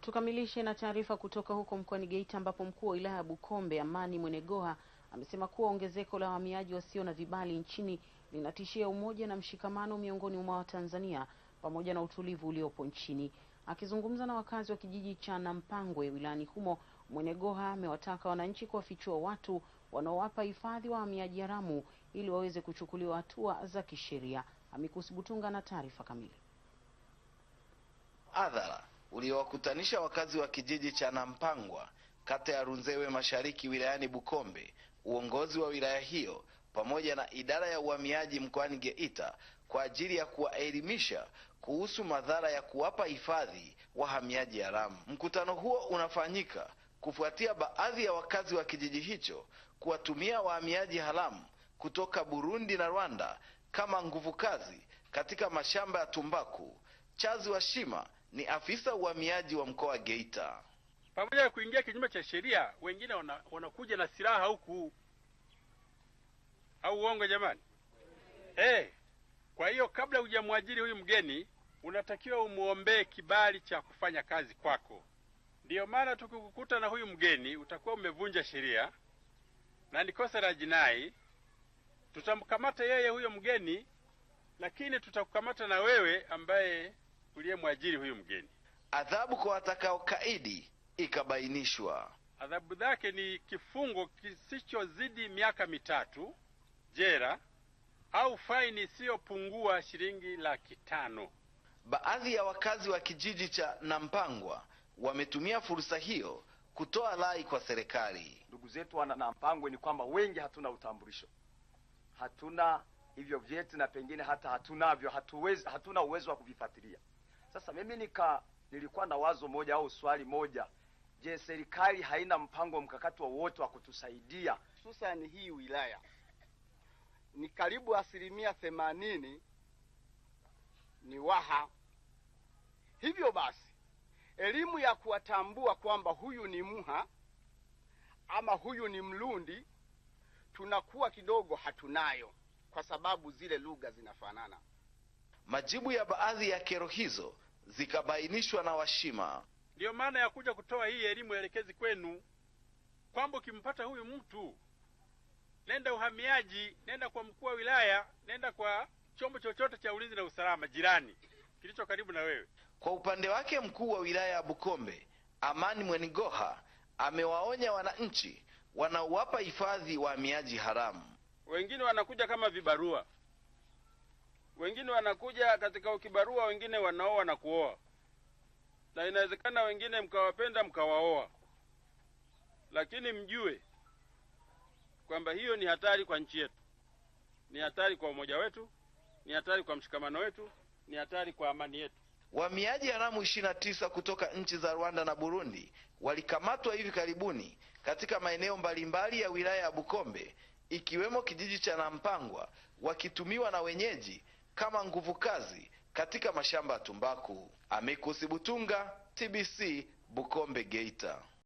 Tukamilishe na taarifa kutoka huko mkoani Geita ambapo mkuu wa wilaya ya Bukombe Amani Mwenegoha amesema kuwa ongezeko la wahamiaji wasio na vibali nchini linatishia umoja na mshikamano miongoni mwa Watanzania pamoja na utulivu uliopo nchini. Akizungumza na wakazi wa kijiji cha Nampangwe wilayani humo, Mwenegoha amewataka wananchi kuwafichua watu wanaowapa hifadhi wahamiaji haramu ili waweze kuchukuliwa hatua za kisheria. Amikusi Butunga na taarifa kamili. Adhara uliowakutanisha wakazi wa kijiji cha Nampangwa kata ya Runzewe Mashariki wilayani Bukombe, uongozi wa wilaya hiyo pamoja na idara ya uhamiaji mkoani Geita kwa ajili ya kuwaelimisha kuhusu madhara ya kuwapa hifadhi wahamiaji haramu. Mkutano huo unafanyika kufuatia baadhi ya wakazi wa kijiji hicho kuwatumia wahamiaji haramu kutoka Burundi na Rwanda kama nguvu kazi katika mashamba ya tumbaku, chazi wa shima ni afisa uhamiaji wa mkoa Geita. Pamoja na kuingia kinyume cha sheria, wengine wanakuja na silaha huku, au uongo jamani? Hey, eh, kwa hiyo kabla hujamwajiri huyu mgeni unatakiwa umwombee kibali cha kufanya kazi kwako. Ndiyo maana tukikukuta na huyu mgeni utakuwa umevunja sheria na ni kosa la jinai. Tutamkamata yeye huyo mgeni, lakini tutakukamata na wewe ambaye uliyemwajiri huyu mgeni. Adhabu kwa watakaokaidi ikabainishwa, adhabu zake ni kifungo kisichozidi miaka mitatu jela au faini isiyopungua shilingi laki tano. Baadhi ya wakazi wa kijiji cha Nampangwa wametumia fursa hiyo kutoa rai kwa serikali. Ndugu zetu wana Nampangwe ni kwamba wengi hatuna utambulisho, hatuna hivyo vyetu, na pengine hata hatunavyo, hatuwezi, hatuna uwezo wa kuvifuatilia. Sasa mimi nika nilikuwa na wazo moja au swali moja. Je, serikali haina mpango mkakati wowote wa, wa kutusaidia hususani hii wilaya ni karibu asilimia themanini ni Waha. Hivyo basi elimu ya kuwatambua kwamba huyu ni Mha ama huyu ni Mlundi tunakuwa kidogo hatunayo, kwa sababu zile lugha zinafanana. Majibu ya baadhi ya kero hizo zikabainishwa na Washima. Ndiyo maana ya kuja kutoa hii elimu elekezi kwenu kwamba ukimpata huyu mtu, nenda uhamiaji, nenda kwa mkuu wa wilaya, nenda kwa chombo chochote cha ulinzi na usalama jirani kilicho karibu na wewe. Kwa upande wake, mkuu wa wilaya ya Bukombe Amani Mwenigoha amewaonya wananchi wanaowapa hifadhi wahamiaji haramu. Wengine wanakuja kama vibarua wengine wanakuja katika ukibarua, wengine wanaoa na kuoa, na inawezekana wengine mkawapenda mkawaoa, lakini mjue kwamba hiyo ni hatari kwa nchi yetu, ni hatari kwa umoja wetu, ni hatari kwa mshikamano wetu, ni hatari kwa amani yetu. Wahamiaji haramu 29 kutoka nchi za Rwanda na Burundi walikamatwa hivi karibuni katika maeneo mbalimbali ya wilaya ya Bukombe ikiwemo kijiji cha Nampangwa wakitumiwa na wenyeji kama nguvu kazi katika mashamba ya tumbaku. Amikusi Butunga, TBC, Bukombe, Geita.